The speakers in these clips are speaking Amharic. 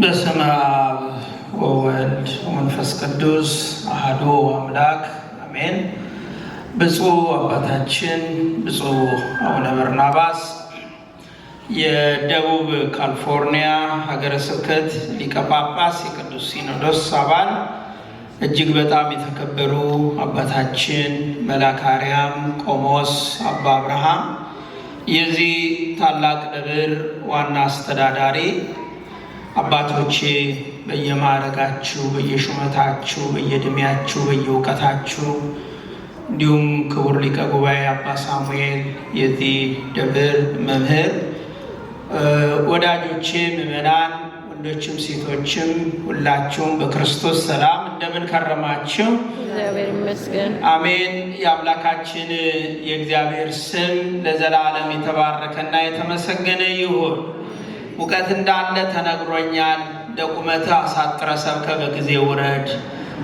በስመ አብ ወወልድ ወመንፈስ ቅዱስ አሐዱ አምላክ አሜን። ብፁዕ አባታችን ብፁዕ አቡነ በርናባስ የደቡብ ካሊፎርኒያ ሀገረ ስብከት ሊቀ ጳጳስ የቅዱስ ሲኖዶስ አባል እጅግ በጣም የተከበሩ አባታችን መልአከ አርያም ቆሞስ አባ አብርሃም የዚህ ታላቅ ደብር ዋና አስተዳዳሪ አባቶቼ በየማዕረጋችሁ፣ በየሹመታችሁ፣ በየእድሜያችሁ፣ በየእውቀታችሁ እንዲሁም ክቡር ሊቀ ጉባኤ አባ ሳሙኤል የዚህ ደብር መምህር ወዳጆቼ፣ ምዕመናን ወንዶችም ሴቶችም ሁላችሁም በክርስቶስ ሰላም እንደምን ከረማችሁ? አሜን። የአምላካችን የእግዚአብሔር ስም ለዘላለም የተባረከና የተመሰገነ ይሁን። ሙቀት እንዳለ ተነግሮኛል። ደቁመተ አሳጥረ ሰብከ በጊዜ ውረድ፣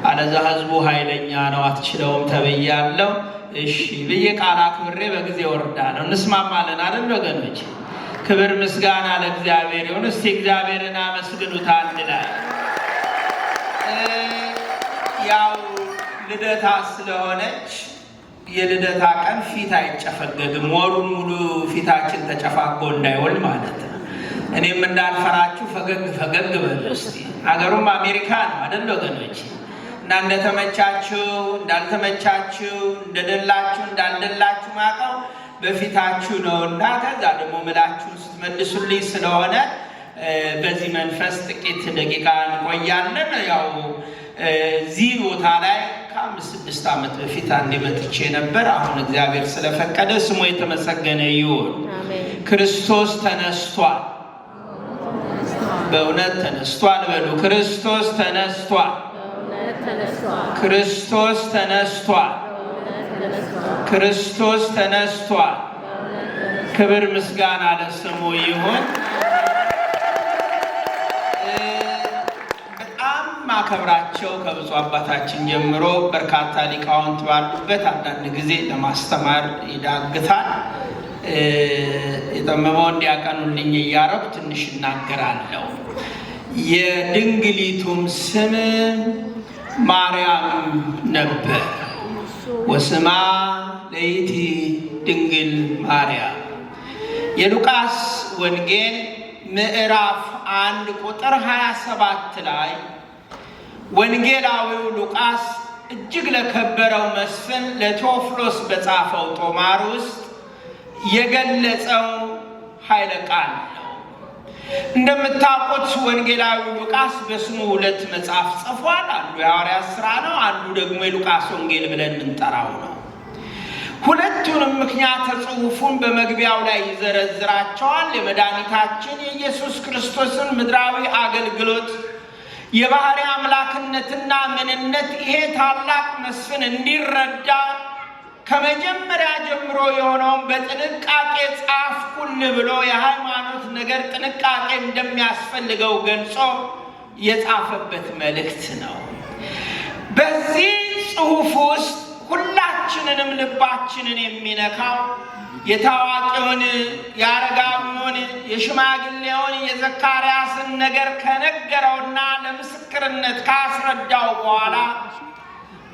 አለዛ ህዝቡ ኃይለኛ ነው አትችለውም ተብያለሁ። እሺ ብዬ ቃል አክብሬ በጊዜ ነው። እንስማማለን አይደል ወገኖች? ክብር ምስጋና ለእግዚአብሔር ይሁን። እስቲ እግዚአብሔርን አመስግኑት አንድ ላይ ያው ልደታ ስለሆነች የልደታ ቀን ፊት አይጨፈገግም። ወሩን ሙሉ ፊታችን ተጨፋቆ እንዳይውል ማለት ነው። እኔም እንዳልፈራችሁ ፈገግ ፈገግ በሉ እስኪ። አገሩም አሜሪካ ነው አይደል ወገኖች? እና እንደተመቻችሁ እንዳልተመቻችሁ እንደደላችሁ እንዳልደላችሁ ማቀው በፊታችሁ ነው እና ከዛ ደግሞ ምላችሁን ስትመልሱልኝ ስለሆነ በዚህ መንፈስ ጥቂት ደቂቃ እንቆያለን። ያው እዚህ ቦታ ላይ ከአምስት ስድስት ዓመት በፊት አንዴ መጥቼ ነበር። አሁን እግዚአብሔር ስለፈቀደ ስሙ የተመሰገነ ይሁን። ክርስቶስ ተነስቷል። በእውነት ተነስቷል። በሉ ክርስቶስ ተነስቷል። ክርስቶስ ተነስቷል። ክርስቶስ ተነስቷል። ክብር ምስጋና ለስሙ ይሁን። በጣም ማከብራቸው ከብፁ አባታችን ጀምሮ በርካታ ሊቃውንት ባሉበት አንዳንድ ጊዜ ለማስተማር ይዳግታል። የጠመመው እንዲያቀኑልኝ እያረኩ ትንሽ እናገራለሁ። የድንግሊቱም ስም ማርያም ነበር። ወስማ ለይቲ ድንግል ማርያም የሉቃስ ወንጌል ምዕራፍ አንድ ቁጥር 27 ላይ ወንጌላዊው ሉቃስ እጅግ ለከበረው መስፍን ለቴዎፍሎስ በጻፈው ጦማር ውስጥ የገለጸው ኃይለ ቃል ነው። እንደምታውቁት ወንጌላዊ ሉቃስ በስሙ ሁለት መጽሐፍ ጽፏል። አንዱ የሐዋርያት ሥራ ነው፣ አንዱ ደግሞ የሉቃስ ወንጌል ብለን የምንጠራው ነው። ሁለቱንም ምክንያተ ጽሑፉን በመግቢያው ላይ ይዘረዝራቸዋል። የመድኃኒታችን የኢየሱስ ክርስቶስን ምድራዊ አገልግሎት የባሕርይ አምላክነትና ምንነት ይሄ ታላቅ መስፍን እንዲረዳ ከመጀመሪያ ጀምሮ የሆነውን በጥንቃቄ ሁል ብሎ የሃይማኖት ነገር ጥንቃቄ እንደሚያስፈልገው ገልጾ የጻፈበት መልእክት ነው። በዚህ ጽሑፍ ውስጥ ሁላችንንም ልባችንን የሚነካው የታዋቂውን የአረጋዊውን የሽማግሌውን የዘካርያስን ነገር ከነገረውና ለምስክርነት ካስረዳው በኋላ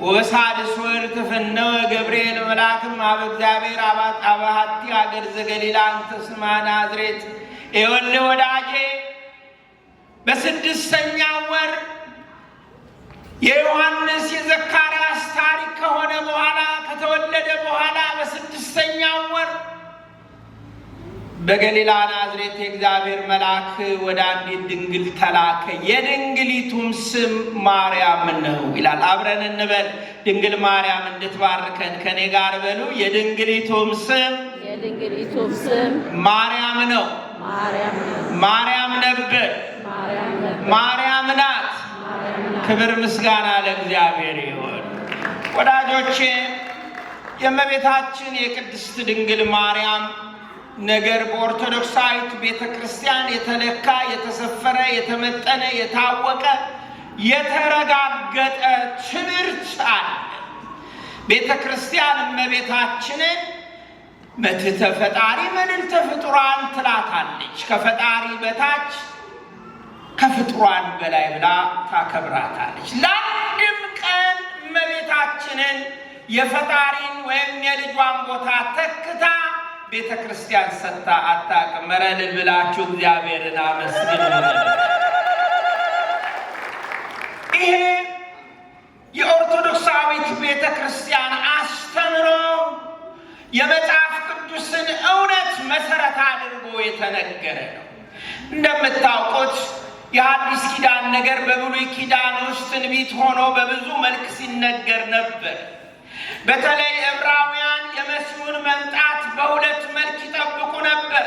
ወሳድስ ወር ተፈነወ ገብርኤል መልአክም አብ እግዚአብሔር አባሃቲ አገር ዘገሊላ አንተ ስማ ናዝሬት የወለ ወዳጄ በስድስተኛው ወር የዮሐንስ የዘካርያስ ታሪክ ከሆነ በኋላ ከተወለደ በኋላ በስድስተኛው ወር በገሊላ ናዝሬት የእግዚአብሔር መልአክ ወደ አንዲት ድንግል ተላከ፣ የድንግሊቱም ስም ማርያም ነው ይላል። አብረን እንበል። ድንግል ማርያም እንድትባርከን ከኔ ጋር በሉ። የድንግሊቱም ስም ማርያም ነው። ማርያም ነበር፣ ማርያም ናት። ክብር ምስጋና ለእግዚአብሔር ይሆን። ወዳጆቼ የእመቤታችን የቅድስት ድንግል ማርያም ነገር በኦርቶዶክሳዊት ቤተ ክርስቲያን የተለካ የተሰፈረ የተመጠነ የታወቀ የተረጋገጠ ትምህርት አለ። ቤተ ክርስቲያን እመቤታችንን መትሕተ ፈጣሪ መልዕልተ ፍጡራን ትላታለች። ከፈጣሪ በታች ከፍጡራን በላይ ብላ ታከብራታለች። ለአንድም ቀን እመቤታችንን የፈጣሪን ወይም የልጇን ቦታ ተክታ ቤተ ክርስቲያን ሰጥታ አታውቅም። መረልን ብላችሁ እግዚአብሔርን አመስግኑ። ይሄ የኦርቶዶክሳዊት ቤተ ክርስቲያን አስተምሮ የመጽሐፍ ቅዱስን እውነት መሰረት አድርጎ የተነገረ ነው። እንደምታውቁት የአዲስ ኪዳን ነገር በብሉይ ኪዳን ውስጥ ትንቢት ሆኖ በብዙ መልክ ሲነገር ነበር። በተለይ ዕብራውያን የመሲሁን መምጣት በሁለት መልክ ይጠብቁ ነበር።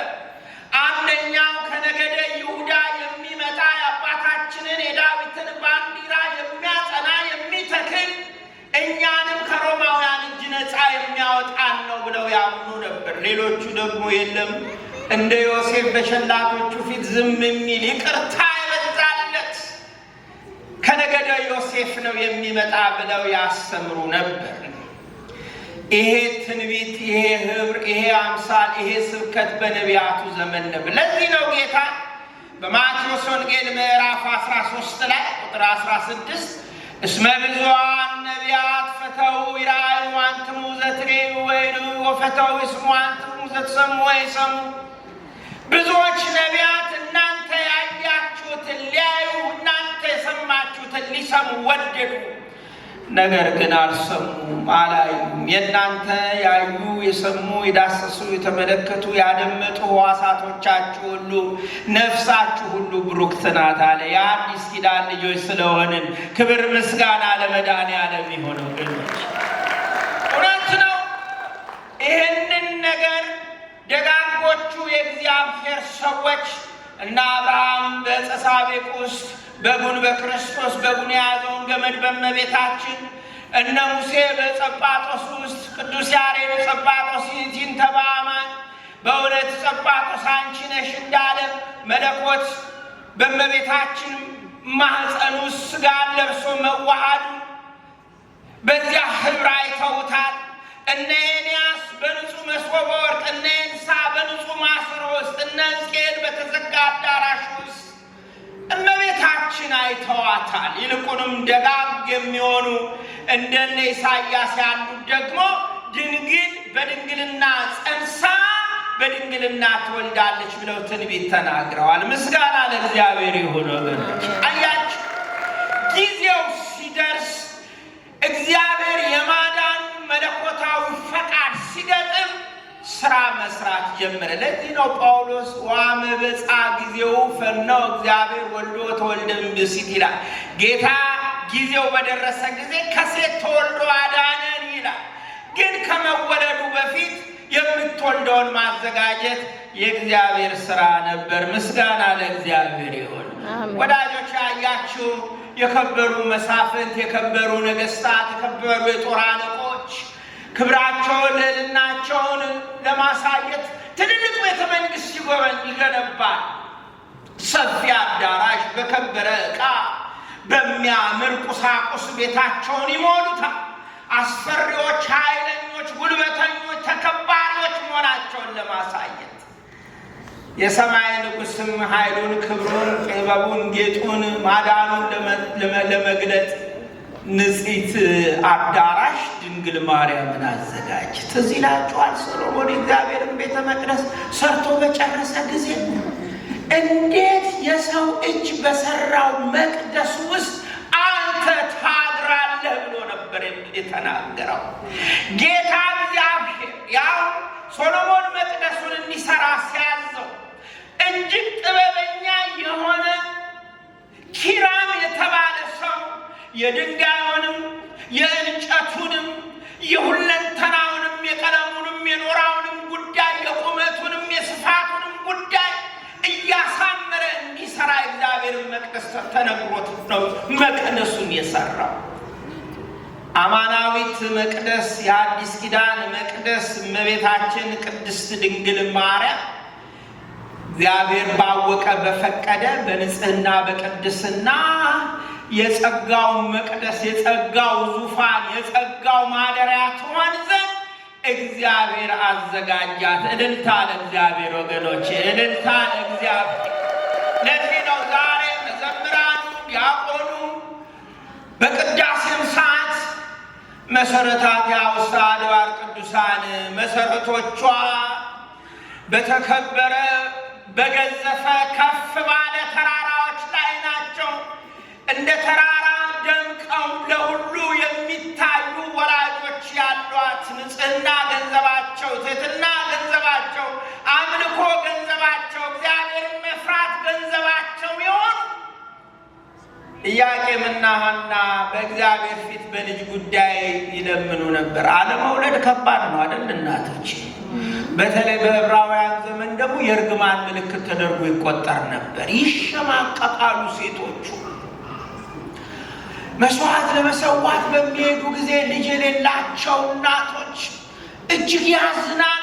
አንደኛው ከነገደ ይሁዳ የሚመጣ የአባታችንን የዳዊትን ባንዲራ የሚያጸና የሚተክል፣ እኛንም ከሮማውያን እጅ ነፃ የሚያወጣን ነው ብለው ያምኑ ነበር። ሌሎቹ ደግሞ የለም እንደ ዮሴፍ በሸላቶቹ ፊት ዝም የሚል ይቅርታ የበዛለት ከነገደ ዮሴፍ ነው የሚመጣ ብለው ያስተምሩ ነበር። ይሄ ትንቢት፣ ይሄ ህብር፣ ይሄ አምሳል፣ ይሄ ስብከት በነቢያቱ ዘመን ነበር። ለዚህ ነው ጌታ በማቴዎስ ወንጌል ምዕራፍ 13 ላይ ቁጥር 16 እስመ ብዙኃን ነቢያት ፈተው ይራዩ አንትሙ ዘትሬዩ ወይኑ ወፈተው ይስሙ አንትሙ ዘትሰሙ ወይሰሙ ብዙዎች ነቢያት እናንተ ያያችሁትን ሊያዩ እናንተ የሰማችሁትን ሊሰሙ ወደዱ። ነገር ግን አልሰሙም፣ አላዩም። የእናንተ ያዩ የሰሙ የዳሰሱ የተመለከቱ ያደመጡ ሕዋሳቶቻችሁ ሁሉ ነፍሳችሁ ሁሉ ብሩክት ናት አለ። የአዲስ ኪዳን ልጆች ስለሆንን ክብር ምስጋና ለመድኃኔዓለም የሆነው ግኖች እውነት ነው። ይህንን ነገር ደጋጎቹ የእግዚአብሔር ሰዎች እና አብርሃም በፀሳቤቅ ውስጥ በጉን በክርስቶስ በጉን የያዘውን ገመድ በመቤታችን እነ ሙሴ በጸጳጦስ ውስጥ ቅዱስ ያሬድ ጸጳጦስ ይቲን ተባማን በእውነት ጸጳጦስ አንቺ ነሽ እንዳለ መለኮት በመቤታችን ማህፀን ውስጥ ሥጋ ለብሶ መዋሃዱ በዚያ ህብር አይተውታል። እነ ኤልያስ በንጹህ መሶበ ወርቅ፣ እነ ኤልሳዕ በንጹህ ማሰሮ ውስጥ፣ እነ ሕዝቅኤል በተዘጋ አዳራሽ ውስጥ እመቤታችን አይተዋታል። ይልቁንም ደጋግ የሚሆኑ እንደነ ኢሳያስ ያሉት ደግሞ ድንግል በድንግልና ጸንሳ በድንግልና ትወልዳለች ብለው ትንቢት ተናግረዋል። ምስጋና ለእግዚአብሔር ይሁን። አያችሁ ጊዜው ሲደርስ እግዚአብሔር ስራ መስራት ጀመረ። ለዚህ ነው ጳውሎስ ዋመበፃ ጊዜው ፈናው እግዚአብሔር ወልዶ ተወልደ እምብእሲት ይላል። ጌታ ጊዜው በደረሰ ጊዜ ከሴት ተወልዶ አዳነን ይላል። ግን ከመወለዱ በፊት የምትወልደውን ማዘጋጀት የእግዚአብሔር ስራ ነበር። ምስጋና ለእግዚአብሔር ይሁን። ወዳጆች ያያችው የከበሩ መሳፍንት፣ የከበሩ ነገስታት፣ የከበሩ የጦር አለቆ ክብራቸውን ልዕልናቸውን ለማሳየት ትልልቅ ቤተ መንግስት ይገነባል። ሰፊ አዳራሽ በከበረ ዕቃ በሚያምር ቁሳቁስ ቤታቸውን ይሞሉታል። አስፈሪዎች፣ ኃይለኞች፣ ጉልበተኞች፣ ተከባሪዎች መሆናቸውን ለማሳየት የሰማይ ንጉሥም ኃይሉን፣ ክብሩን፣ ጥበቡን፣ ጌጡን፣ ማዳኑን ለመግለጥ ንጽሕት አዳራሽ ድንግል ማርያምን አዘጋጅ። ትዝ ይላችኋል ሰሎሞን እግዚአብሔርን ቤተ መቅደስ ሰርቶ በጨረሰ ጊዜ እንዴት የሰው እጅ በሰራው መቅደስ ውስጥ አንተ ታድራለህ ብሎ ነበር የተናገረው ጌታ እግዚአብሔር። ያው ሶሎሞን መቅደሱን እንዲሰራ ሲያዘው እጅግ ጥበበኛ የሆነ ኪራም የተባለ ሰው የድንጋዩንም የእንጨቱንም የሁለንተናውንም የቀለሙንም የኖራውንም ጉዳይ የቁመቱንም የስፋቱንም ጉዳይ እያሳመረ እንዲሰራ እግዚአብሔርን መቅደስ ተነግሮት ነው መቅደሱን የሰራው። አማናዊት መቅደስ የአዲስ ኪዳን መቅደስ እመቤታችን ቅድስት ድንግል ማርያም እግዚአብሔር ባወቀ በፈቀደ በንጽህና በቅድስና የጸጋው መቅደስ፣ የጸጋው ዙፋን፣ የጸጋው ማደሪያ ትሆን ዘንድ እግዚአብሔር አዘጋጃት። እልልታ ለእግዚአብሔር ወገኖች፣ እልልታ ለእግዚአብሔር። ለዚህ ነው ዛሬ መዘምራኑ ያቆኑ በቅዳሴም ሰዓት መሰረታት ውስተ አድባር ቅዱሳን መሰረቶቿ በተከበረ በገዘፈ ከፍ ባለ ተራራዎች ላይ ናቸው። እንደ ተራራ ደምቀው ለሁሉ የሚታዩ ወላጆች ያሏት ንጽህና ገንዘባቸው፣ ትሕትና ገንዘባቸው፣ አምልኮ ገንዘባቸው፣ እግዚአብሔር መፍራት ገንዘባቸው ይሆን? ኢያቄምና ሐና በእግዚአብሔር ፊት በልጅ ጉዳይ ይለምኑ ነበር። አለመውለድ ከባድ ነው አይደል? እናቶች በተለይ በዕብራውያን ዘመን ደግሞ የእርግማን ምልክት ተደርጎ ይቆጠር ነበር። ይሸማቀቃሉ ሴቶቹ መስዋዕት ለመሰዋት በሚሄዱ ጊዜ ልጅ የሌላቸው እናቶች እጅግ ያዝናሉ።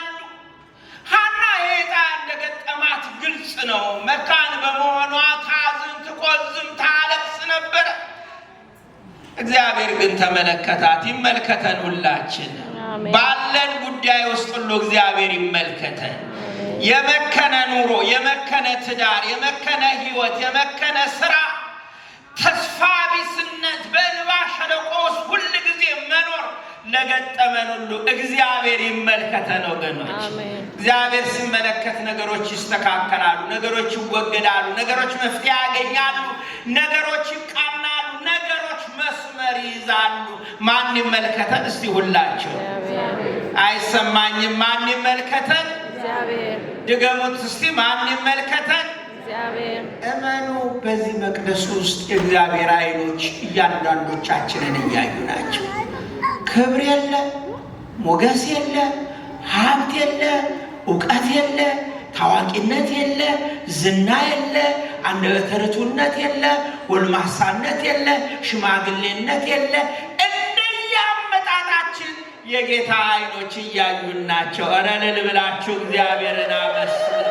ሀና የጣ እንደገጠማት ግልጽ ነው። መካን በመሆኗ ታዝን፣ ትቆዝም፣ ታለቅስ ነበረ። እግዚአብሔር ግን ተመለከታት። ይመልከተን ሁላችን ባለን ጉዳይ ውስጥ ሁሉ እግዚአብሔር ይመልከተን። የመከነ ኑሮ፣ የመከነ ትዳር፣ የመከነ ህይወት የመከነ ስራ ተስፋ ቢስነት በእንባ ሸለቆ ውስጥ ሁል ጊዜ መኖር ለገጠመን ሁሉ እግዚአብሔር ይመልከተን ወገኖች። እግዚአብሔር ሲመለከት ነገሮች ይስተካከላሉ፣ ነገሮች ይወገዳሉ፣ ነገሮች መፍትሄ ያገኛሉ፣ ነገሮች ይቃናሉ፣ ነገሮች መስመር ይይዛሉ። ማን ይመልከተን እስቲ ሁላቸው አይሰማኝም። ማን ይመልከተን? ድገሙት እስቲ ማን ይመልከተን? እመኑ። በዚህ መቅደስ ውስጥ የእግዚአብሔር አይኖች እያንዳንዶቻችንን እያዩ ናቸው። ክብር የለ፣ ሞገስ የለ፣ ሀብት የለ፣ እውቀት የለ፣ ታዋቂነት የለ፣ ዝና የለ፣ አንደበተ ርቱዕነት የለ፣ ጎልማሳነት የለ፣ ሽማግሌነት የለ የጌታ አይኖች እያዩን ናቸው። እረ እልል እግዚአብሔርን አመስግኑ።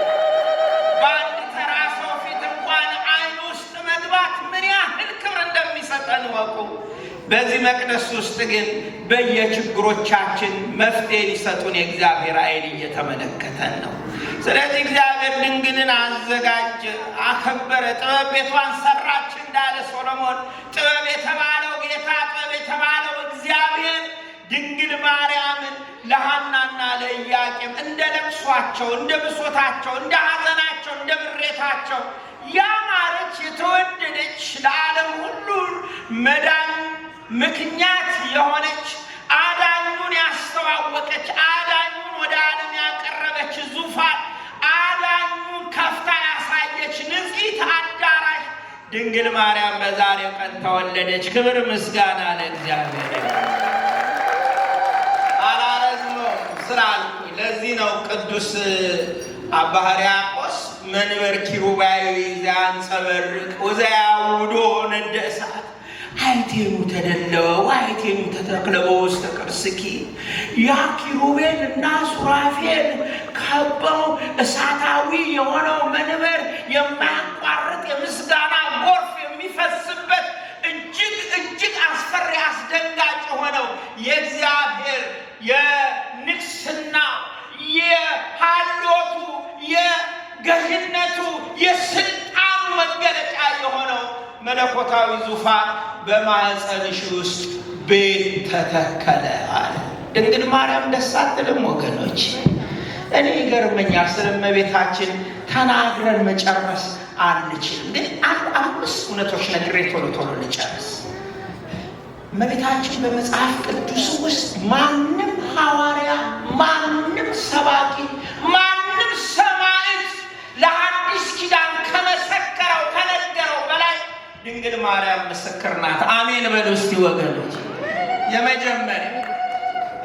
በዚህ መቅደስ ውስጥ ግን በየችግሮቻችን መፍትሄ ሊሰጡን የእግዚአብሔር ዓይን እየተመለከተን ነው። ስለዚህ እግዚአብሔር ድንግልን አዘጋጀ፣ አከበረ፣ ጥበብ ቤቷን ሰራች እንዳለ ሶሎሞን ጥበብ የተባለው ጌታ ጥበብ የተባለው እግዚአብሔር ድንግል ማርያምን ለሐናና ለኢያቄም እንደ ለቅሷቸው፣ እንደ ብሶታቸው፣ እንደ ሐዘናቸው፣ እንደ ምሬታቸው ያማረች የተወደደች ለዓለም ሁሉ መዳን ምክንያት የሆነች አዳኙን ያስተዋወቀች አዳኙን ወደ ዓለም ያቀረበች ዙፋን አዳኙን ከፍታ ያሳየች ንጽሕት አዳራሽ ድንግል ማርያም በዛሬው ቀን ተወለደች። ክብር ምስጋና ለእግዚአብሔር። ስራ ለዚህ ነው ቅዱስ አባ ሕርያቆስ መንበር ኪሩባዊ ዘያንጸበርቅ ወዘያውዶ ነደ አይቴኑ ተደለወ አይቴኑ ተተክለበ በውስተ ቅርስኪ ያ ኪሩቤል እና ሱራፌል ከበው እሳታዊ የሆነው መንበር የማያቋርጥ የምስጋና ጎርፍ የሚፈስበት እጅግ እጅግ አስፈሪ አስደንጋጭ የሆነው የእግዚአብሔር የንግስና የሃሎቱ የገዥነቱ የስልጣኑ መገለጫ የሆነው መለኮታዊ ዙፋን በማዕፀንሽ ውስጥ ቤት ተተከለ አለ። ድንግል ማርያም ደስ አትልም ወገኖች? እኔ ይገርመኛል። ስለ እመቤታችን ተናግረን መጨረስ አንችልም። ግን አምስት እውነቶች ነግሬ ቶሎ ቶሎ ልጨርስ። እመቤታችን በመጽሐፍ ቅዱስ ውስጥ ማንም ሐዋርያ ማንም ሰባኪ ድንግል ማርያም ምስክር ናት። አሜን በሉ እስቲ ወገኖች። የመጀመሪያ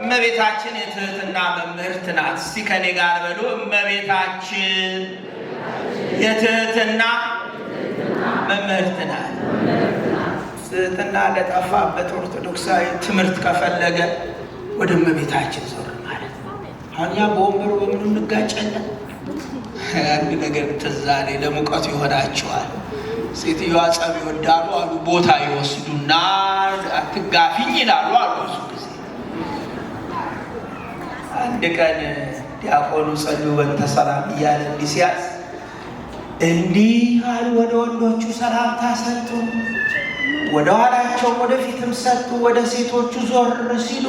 እመቤታችን የትህትና መምህርት ናት። እስቲ ከኔ ጋር በሉ እመቤታችን የትህትና መምህርት ናት። ትህትና ለጠፋበት ኦርቶዶክሳዊ ትምህርት ከፈለገ ወደ እመቤታችን ዞር ማለት ነው። አሁን በወንበሩ በምኑ እንጋጨለን። አንድ ነገር ትዛኔ ለሙቀቱ ይሆናችኋል ሴትዮዋ ጸብ ይወዳሉ አሉ። ቦታ ይወስዱና አትጋፊኝ ይላሉ አሉ። ብዙ ጊዜ አንድ ቀን ዲያቆኑ ጸልዩ በእንተ ሰላም እያለ እንዲህ ሲያዝ እንዲህ አሉ። ወደ ወንዶቹ ሰላምታ ሰጡ፣ ወደ ኋላቸው ወደፊትም ሰጡ። ወደ ሴቶቹ ዞር ሲሉ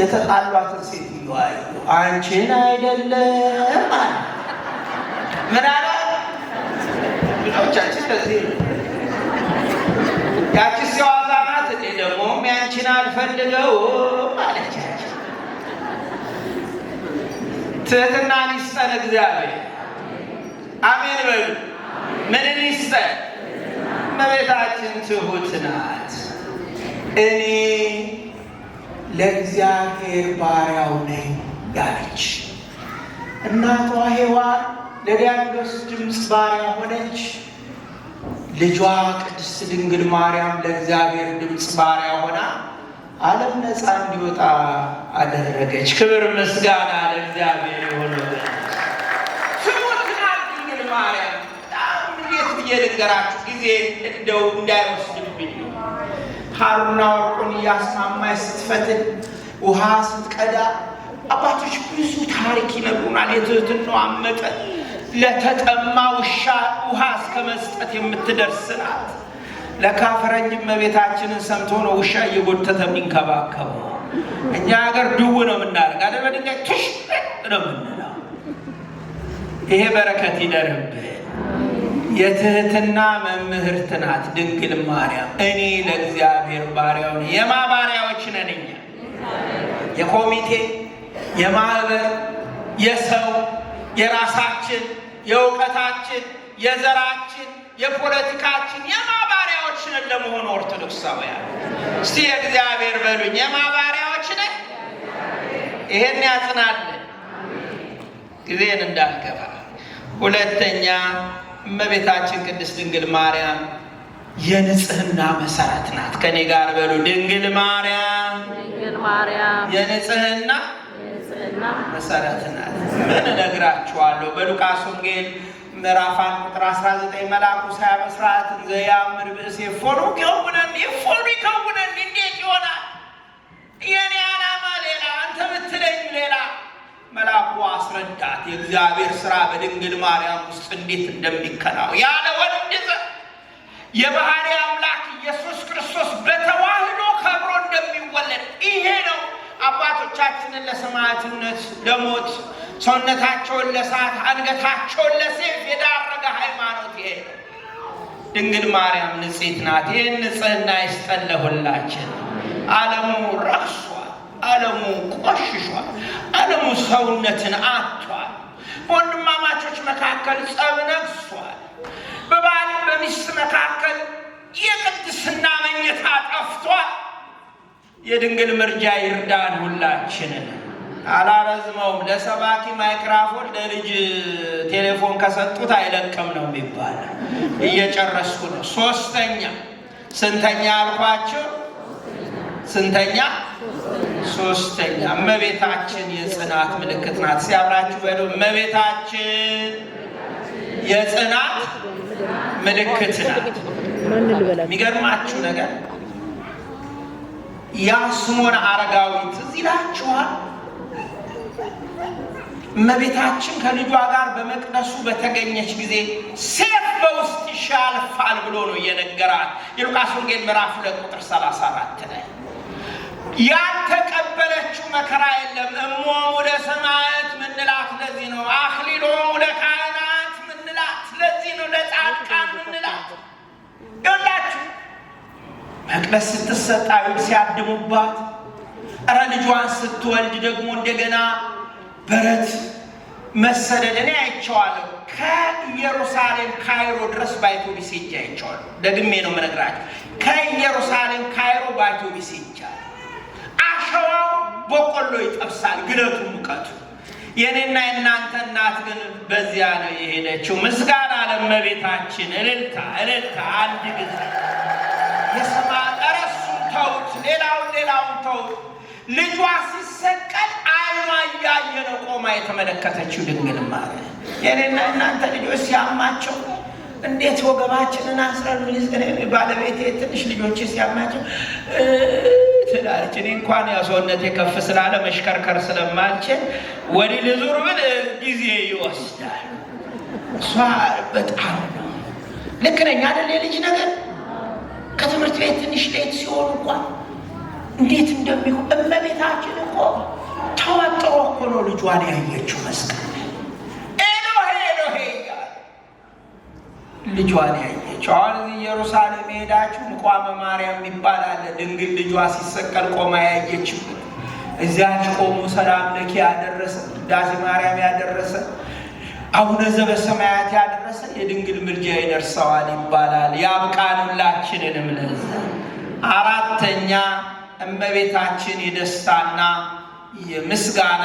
የተጣሏትን ሴትዮዋ አንቺን አይደለም ምን አለ ስለዚህ ያቺ ሲዋዛ ናት። እኔ ደግሞ ያንቺን አልፈልገው አለች። ትህትናን ይስጠን እግዚአብሔር። አሜን በሉ። ምንን ይስጠን? እመቤታችን ትሁት ናት። እኔ ለእግዚአብሔር ባሪያው ነኝ ያለች እናቷ ሔዋን ለዲያብሎስ ድምፅ ባሪያ ሆነች። ልጇ ቅድስት ድንግል ማርያም ለእግዚአብሔር ድምፅ ባሪያ ሆና ዓለም ነፃ እንዲወጣ አደረገች። ክብር ምስጋና ለእግዚአብሔር የሆነ ፍኖትናት ድንግል ማርያም በጣም እንዴት ብዬ ልንገራችሁ፣ ጊዜ እንደው እንዳይወስድብኝ ሐሩና ወርቁን እያስማማች ስትፈትን ውሃ ስትቀዳ አባቶች ብዙ ታሪክ ይነግሩናል። የትህትናዋን መጠን ለተጠማ ውሻ ውሃ እስከ መስጠት የምትደርስ ናት። ለካፈረኝም እመቤታችንን ሰምቶ ነው ውሻ እየጎተተ የሚንከባከበው። እኛ ሀገር ድው ነው የምናደርግ አለ በድንጋይ ትሽ ነው የምንለው። ይሄ በረከት ይደርብን። የትህትና መምህርት ናት ድንግል ማርያም። እኔ ለእግዚአብሔር ባሪያው ባሪያውን የማባሪያዎች ነን እኛ የኮሚቴ የማህበር የሰው የራሳችን፣ የእውቀታችን፣ የዘራችን፣ የፖለቲካችን የማባሪያዎች ነን ለመሆኑ ኦርቶዶክሳውያን እስቲ እግዚአብሔር በሉኝ የማባሪያዎች ነን። ይሄን ያጽናለን፣ ጊዜን እንዳልገባ ሁለተኛ እመቤታችን ቅድስት ድንግል ማርያም የንጽህና መሰረት ናት። ከኔ ጋር በሉ ድንግል ማርያም የንጽህና እና መሰረት ናት። ምን እነግራችኋለሁ? በሉቃስ ወንጌል ምዕራፍ አንድ ቁጥር 19 መልአኩ ሳያበስራት ዘያምር ብእስ የፎኑ ከውነን የፎኑ ይከውነን እንዴት ይሆናል? የኔ ዓላማ ሌላ፣ አንተ ምትለኝ ሌላ። መልአኩ አስረዳት የእግዚአብሔር ስራ በድንግል ማርያም ውስጥ እንዴት እንደሚከናው ያለ ወንድ የባህርያም አባቶቻችንን ለሰማዕትነት ለሞት ሰውነታቸውን ለሳት አንገታቸውን ለሴፍ የዳረገ ሃይማኖት ይሄ ነው። ድንግል ማርያም ንጽሕት ናት። ይህን ንጽህና ይስጠለሁላችን። ለሁላችን። ዓለሙ ረክሷል። ዓለሙ ቆሽሿል። ዓለሙ ሰውነትን አጥቷል። በወንድማማቾች መካከል ጸብ ነግሷል። በባል በሚስት መካከል የቅድስና መኝታ ጠፍቷል። የድንግል ምርጃ ይርዳን ሁላችንን። አላረዝመውም። ለሰባኪ ማይክራፎን ለልጅ ቴሌፎን ከሰጡት አይለቅም ነው የሚባል። እየጨረስኩ ነው። ሶስተኛ ስንተኛ አልኳቸው? ስንተኛ? ሶስተኛ። እመቤታችን የጽናት ምልክት ናት። ሲያብራችሁ በሉ እመቤታችን የጽናት ምልክት ናት። የሚገርማችሁ ነገር ያ ስምዖን አረጋዊት ትዝ ይላችኋል? እመቤታችን ከልጇ ጋር በመቅደሱ በተገኘች ጊዜ ሴፍ በውስጥ ይሻልፋል ብሎ ነው የነገራት። የሉቃስ ወንጌል ምዕራፍ ሁለት ቁጥር 34 ላይ ያልተቀበለችው መከራ የለም። እሞ ወደ ሰማያት ምንላት ለዚህ ነው። አክሊሎ ወደ ካህናት ምንላት ለዚህ ነው። ለጻድቃን ምንላት ይላችሁ መቅደስ ስትሰጥ አይሁድ ሲያድሙባት፣ እረ ልጇን ስትወልድ ደግሞ እንደገና በረት መሰደድን አይቼዋለሁ። ከኢየሩሳሌም ካይሮ ድረስ በአውቶቡስ ሄጄ አይቼዋለሁ። ደግሜ ነው የምነግራቸው። ከኢየሩሳሌም ካይሮ በአውቶቡስ ሄጃለሁ። አሸዋው በቆሎ ይጠብሳል፣ ግለቱ ሙቀቱ። የኔና የእናንተ እናት ግን በዚያ ነው የሄደችው። ምስጋና ለእመቤታችን። እልልታ እልልታ! አንድ ጊዜ የስማ እረሱን ተውት፣ ሌላውን ሌላውን ተውት። ልጇ ሲሰቀል አይኗ እያየ ነው ቆማ የተመለከተችው ድንግል ማርያም። የኔና እናንተ ልጆች ሲያማቸው እንዴት ወገባችንን አስረን ባለቤቴ ትንሽ ልጆች ሲያማቸው ትላለች። እኔ እንኳን ያው ሰውነቴ ከፍ ስላለ መሽከርከር ስለማልችል ወዲህ ልዙር ብል ጊዜ ይወስዳል። እሷ በጣም ነው ልክ ነኝ አይደል? የልጅ ነገር ከትምህርት ቤት ትንሽ ሌት ሲሆኑ እንኳን እንዴት እንደሚሆን እመቤታችን እኮ ተወጥሮ እኮ ነው ልጇን ያየችው መስቀል ልጇን ያየችው። አሁን እዚህ ኢየሩሳሌም ሄዳችሁ ምቋመ ማርያም ይባላል ድንግል ልጇ ሲሰቀል ቆማ ያየችበት እዚያች ቆሞ ሰላም ለኪ ያደረሰ ቅዳሴ ማርያም ያደረሰ አቡነ ዘበሰማያት ያደረሰ የድንግል ምልጃ ይደርሰዋል ይባላል። ያብቃን ሁላችንንም ለዛ። አራተኛ እመቤታችን የደስታና የምስጋና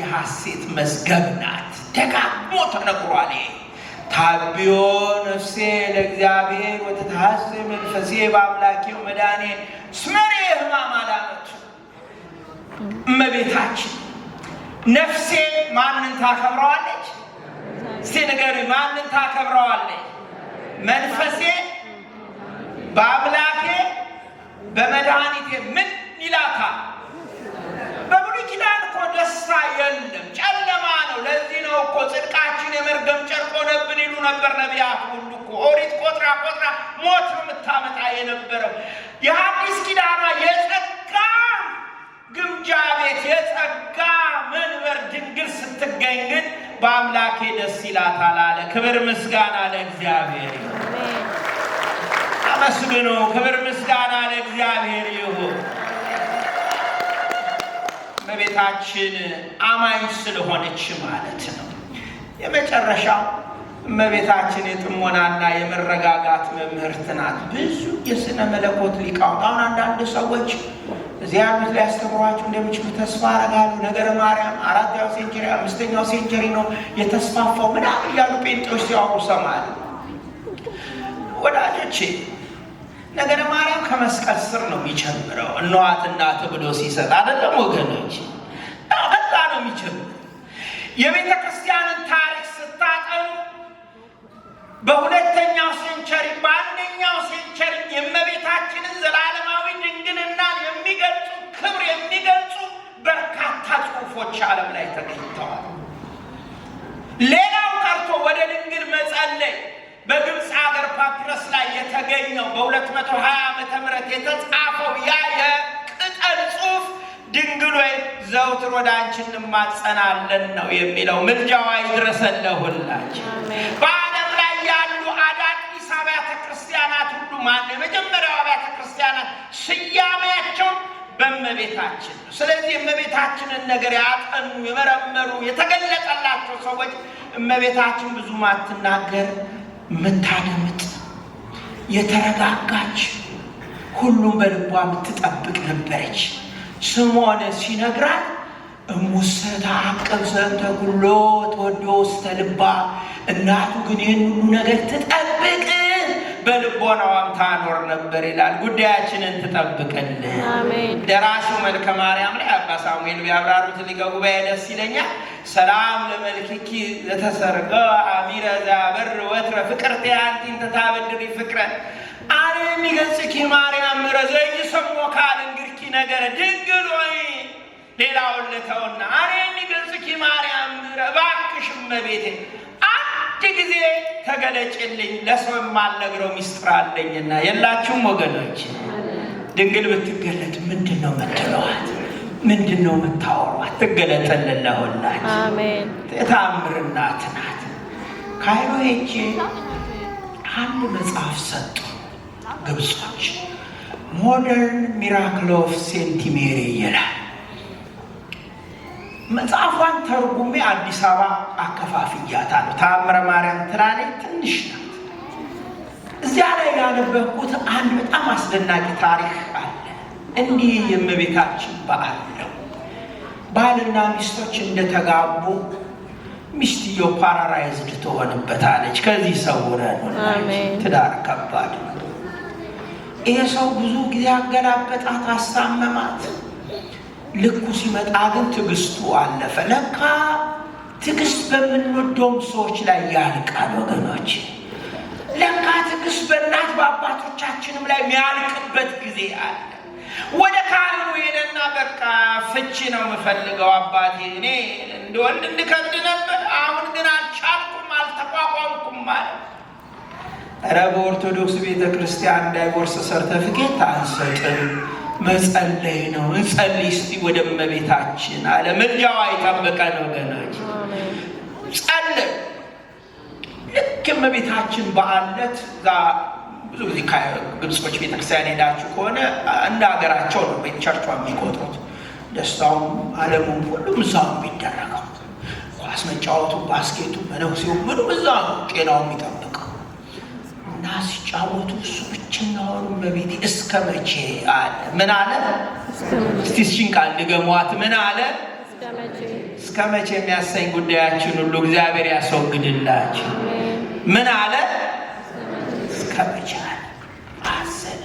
የሐሴት መዝገብ ናት። ደጋግሞ ተነግሯል። ታቢዮ ነፍሴ ለእግዚአብሔር ወተትሐሴ መንፈሴ በአምላኬው መድኃኔ ስመሬ ሕማም አላመቱ እመቤታችን ነፍሴ ማንን ታከብረዋለች? እስቲ ንገሪ ማንን ታከብረዋለች? መንፈሴ በአምላኬ በመድኃኒቴ ምን ይላታል? በብሉይ ኪዳን እኮ ደስታ የለም፣ ጨለማ ነው። ለዚህ ነው እኮ ጽድቃችን የመርገም ጨርቅ ሆነብን ይሉ ነበር ነቢያት ሁሉ እኮ ኦሪት ቆጥራ ቆጥራ ሞት የምታመጣ የነበረው የሐዲስ ኪዳኗ የጸጋ ግምጃ ቤት የጸጋ መንበር ድንግል ስትገኝ ግን በአምላኬ ደስ ይላታል አለ። ክብር ምስጋና ለእግዚአብሔር ይሁን። አመስግኑ። ክብር ምስጋና ለእግዚአብሔር ይሁን። እመቤታችን አማኝ ስለሆነች ማለት ነው። የመጨረሻው እመቤታችን የጥሞናና የመረጋጋት መምህርት ናት። ብዙ የሥነ መለኮት ሊቃውንት አሁን አንዳንድ ሰዎች እዚህ ያሉት ሊያስተምሯቸው እንደሚችሉ ተስፋ አደርጋለሁ። ነገረ ማርያም አራተኛው ሴንቸሪ አምስተኛው ሴንቸሪ ነው የተስፋፋው ምናምን እያሉ ጴንጤዎች ሲያወሩ ሰማል። ወዳጆቼ ነገረ ማርያም ከመስቀል ስር ነው የሚጀምረው። እነዋት እናት ብሎ ሲሰጥ አደለም ወገኖች፣ በዛ ነው የሚጀምረው። የቤተ ክርስቲያንን ታሪክ ስታጠኑ በሁለተኛው ሴንቸሪ በአንደኛው ሴንቸሪ የእመቤታችንን ዘላለማዊ ድንግልና የሚገልጹ ክብር የሚገልጹ በርካታ ጽሑፎች ዓለም ላይ ተገኝተዋል። ሌላው ቀርቶ ወደ ድንግል መጸለይ በግብፅ ሀገር ፓፒረስ ላይ የተገኘው በ220 ዓመተ ምህረት የተጻፈው ያ የቅጠል ጽሑፍ ድንግል ወይ ዘውትር ወደ አንቺ እንማጸናለን ነው የሚለው። ምልጃዋ ይድረሰን ያሉ አዳዲስ አብያተ ክርስቲያናት ሁሉ ማነው? የመጀመሪያው አብያተ ክርስቲያናት ስያሜያቸው በእመቤታችን ነው። ስለዚህ እመቤታችንን ነገር ያጠኑ የመረመሩ፣ የተገለጠላቸው ሰዎች እመቤታችን ብዙ ማትናገር ምታደምጥ የተረጋጋች ሁሉም በልቧ የምትጠብቅ ነበረች። ስምዖን ሲነግራት እሙሰ ተአቀብ ዘንተ ኩሎ ተወልዶ ውስተ ልባ። እናቱ ግን ይህን ሁሉ ነገር ትጠብቅ በልቦናዋም ታኖር ነበር ይላል። ጉዳያችንን ትጠብቅልን። ደራሲው መልከ ማርያም ላይ አባ ሳሙኤል ቢያብራሩት ሊቀ ጉባኤ ደስ ይለኛል። ሰላም ለመልክኪ ዘተሰርቀ አሚረ ዛበር ወትረ ፍቅርተ አንቲን ተታበድሪ ፍቅረ አነ የሚገጽኪ ማርያም ረዘይ ሰሞ ካል እንግርኪ ነገር ድንግል ሆይ ሌላውን ልተውና አሬ ገጽኪ ማርያም እባክሽ እመቤቴ አንድ ጊዜ ተገለጭልኝ፣ ለሰው የማልነግረው ሚስጥር አለኝና። የላችሁም ወገኖች? ድንግል ብትገለጥ ምንድን ነው ምትለዋት? ምንድን ነው የምታወሯት? ትገለጠልን ለሁላችን። ተአምር ናት። ካይሮ ሄጄ አንድ መጽሐፍ ሰጡ ግብጾች፣ ሞደርን ሚራክል ኦፍ ሴንት ይላል መጽሐፏን ተርጉሜ አዲስ አበባ አከፋፍያታለሁ። ተአምረ ማርያም ትራኔ ትንሽ ናት። እዚያ ላይ ያነበብኩት አንድ በጣም አስደናቂ ታሪክ አለ። እንዲህ የእመቤታችን በዓል ነው። ባልና ሚስቶች እንደተጋቡ ሚስትየው ፓራራይዝድ ትሆንበታለች። ከዚህ ሰውረ ትዳር ከባድ ነው። ይሄ ሰው ብዙ ጊዜ አገላበጣት፣ አሳመማት። ልኩ ሲመጣ ግን ትዕግስቱ አለፈ። ለካ ትዕግስት በምንወደውም ሰዎች ላይ ያልቃል ወገኖች። ለካ ትዕግስት በእናት በአባቶቻችንም ላይ የሚያልቅበት ጊዜ አለ። ወደ ካህኑ ሄደና በቃ ፍቺ ነው የምፈልገው አባቴ፣ እኔ እንደ ወንድ እንድከብድ ነበር፣ አሁን ግን አልቻልኩም፣ አልተቋቋምኩም ማለት ኧረ በኦርቶዶክስ ቤተ ክርስቲያን ዳይቮርስ ሰርተፊኬት አንሰጥም መጸለይ ነው። እንጸልይ እስቲ ወደ እመቤታችን አለ። ምልጃዋ ነው። ወገናችን ጸልይ። ልክ እመቤታችን በአለት እዛ ብዙ ጊዜ ከግብጾች ቤተክርስቲያን ሄዳችሁ ከሆነ እንደ ሀገራቸው ነው ቤተቻቿ የሚቆጥሩት። ደስታውም አለሙም ሁሉም እዛው የሚደረገው ኳስ መጫወቱ፣ ባስኬቱ፣ መነኩሴው ምኑም እዛ ነው ጤናው የሚጠብቀው እና ሲጫወቱ እሱ ችናሆኑ በቤቴ እስከ መቼ አለ። ምን አለ? እስቲ እችን ቃል ልገሟት። ምን አለ? እስከ መቼ የሚያሰኝ ጉዳያችን ሁሉ እግዚአብሔር ያስወግድላችሁ። ምን አለ? እስከ መቼ አለ። አዘነ።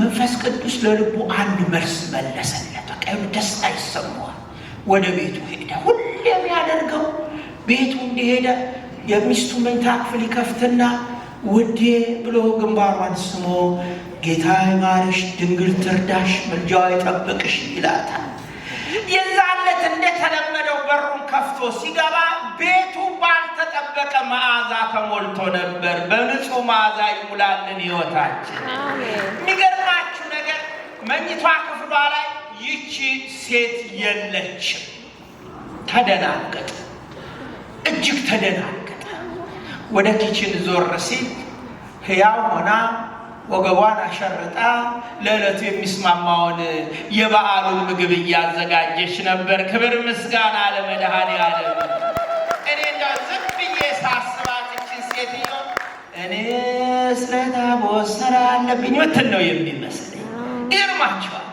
መንፈስ ቅዱስ ለልቡ አንድ መልስ መለሰለት። በቃ ደስታ ይሰማዋል። ወደ ቤቱ ሄደ። ሁሌም ያደርገው ቤቱ እንደሄደ የሚስቱ መኝታ ክፍል ይከፍትና ውዴ ብሎ ግንባሯን ስሞ ጌታ ይማርሽ፣ ድንግል ትርዳሽ፣ ምልጃዋ ይጠብቅሽ ይላታል። የዛለት እንደተለመደው በሩን ከፍቶ ሲገባ ቤቱ ባልተጠበቀ መዓዛ ተሞልቶ ነበር። በንጹህ መዓዛ ይሙላልን ሕይወታችን። የሚገርማችሁ ነገር መኝቷ ክፍሏ ላይ ይቺ ሴት የለችም። ተደናገጥ፣ እጅግ ተደናገጥ ወደ ኪችን ዞር ሲል ሕያው ሆና ወገቧን አሸርጣ ለዕለቱ የሚስማማውን የበዓሉን ምግብ እያዘጋጀች ነበር። ክብር ምስጋና ለመድኃኔዓለም። እኔ እንዳው ዝም ብዬ ሳስባት እችን ሴትዮ እኔ ስለታቦ ስራ አለብኝ ምትን ነው የሚመስለኝ። ይገርማችኋል።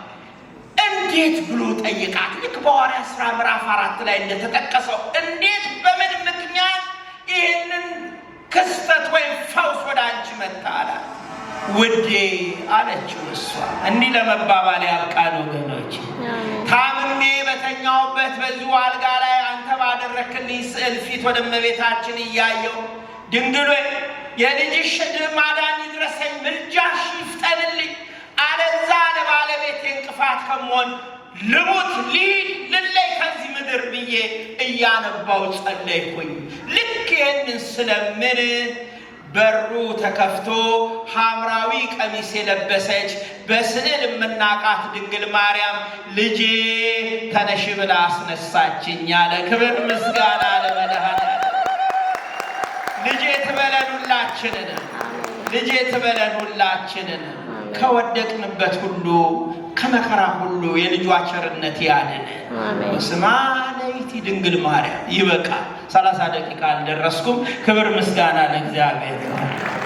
እንዴት ብሎ ጠይቃት። ልክ በሐዋርያት ሥራ ምዕራፍ አራት ላይ እንደተጠቀሰው እንዴት በምን ምክንያት ይህንን ክስተት ወይም ፈውስ ወደ አንቺ መጣ ውዴ አለችው እሷ። እንዲህ ለመባባል ያብቃል ወገኖች። ታምሜ በተኛውበት በዚሁ አልጋ ላይ አንተ ባደረክልኝ ስዕል ፊት ወደ እመቤታችን እያየው ድንግሎ የልጅሽ ማዳን ይድረሰኝ፣ ምልጃሽ ይፍጠንልኝ፣ አለዛ ለባለቤቴ እንቅፋት ከመሆን ልሙት ልሂድ ልለይ ከዚህ ምድር ብዬ እያነባው ጸለይኩኝ። ልክ ይህንን ስለምን በሩ ተከፍቶ ሐምራዊ ቀሚስ የለበሰች በስዕል የምናቃት ድንግል ማርያም ልጄ ተነሽ ብላ አስነሳችኝ አለ። ክብር ምስጋና ለመድኃኒዓለም። ልጄ ትበለን ሁላችንን፣ ልጄ ትበለን ሁላችንን። ከወደቅንበት ሁሉ ከመከራ ሁሉ የልጇ ቸርነት ያድን። ስማለይቲ ድንግል ማርያም። ይበቃል። ሰላሳ ደቂቃ አልደረስኩም። ክብር ምስጋና ለእግዚአብሔር።